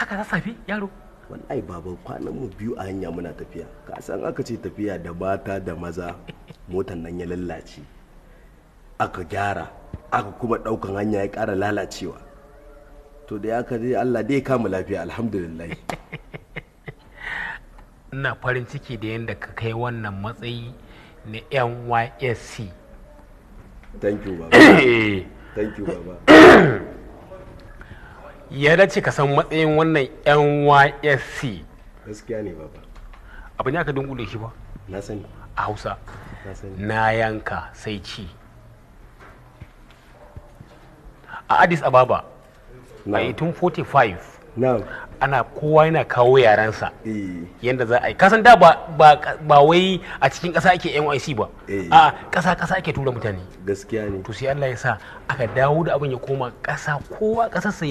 haka za safi yaro wallahi baban kwanan mu biyu a hanya muna tafiya ka san aka ce tafiya da mata da maza motan nan ya lallace aka gyara aka kuma daukan hanya ya kara lalacewa to da ya je Allah dai kama lafiya alhamdulillah ina farin ciki da yadda ka kai wannan matsayi na NYSC thank you baba thank you baba ya dace ka san matsayin wannan nysc gaskiya ne baba abu ne aka dungule shi ba na sani a hausa na yanka sai ci a addis ababa a 1845 ana kowa yana kawo yarensa eh. yadda za a yi kasan da ba wai a cikin ƙasa ake nyc ba eh. a ƙasa ƙasa ake tura mutane gaskiya ne to sai allah ya sa aka dawo da abin ya koma ƙasa kowa ƙasarsa ya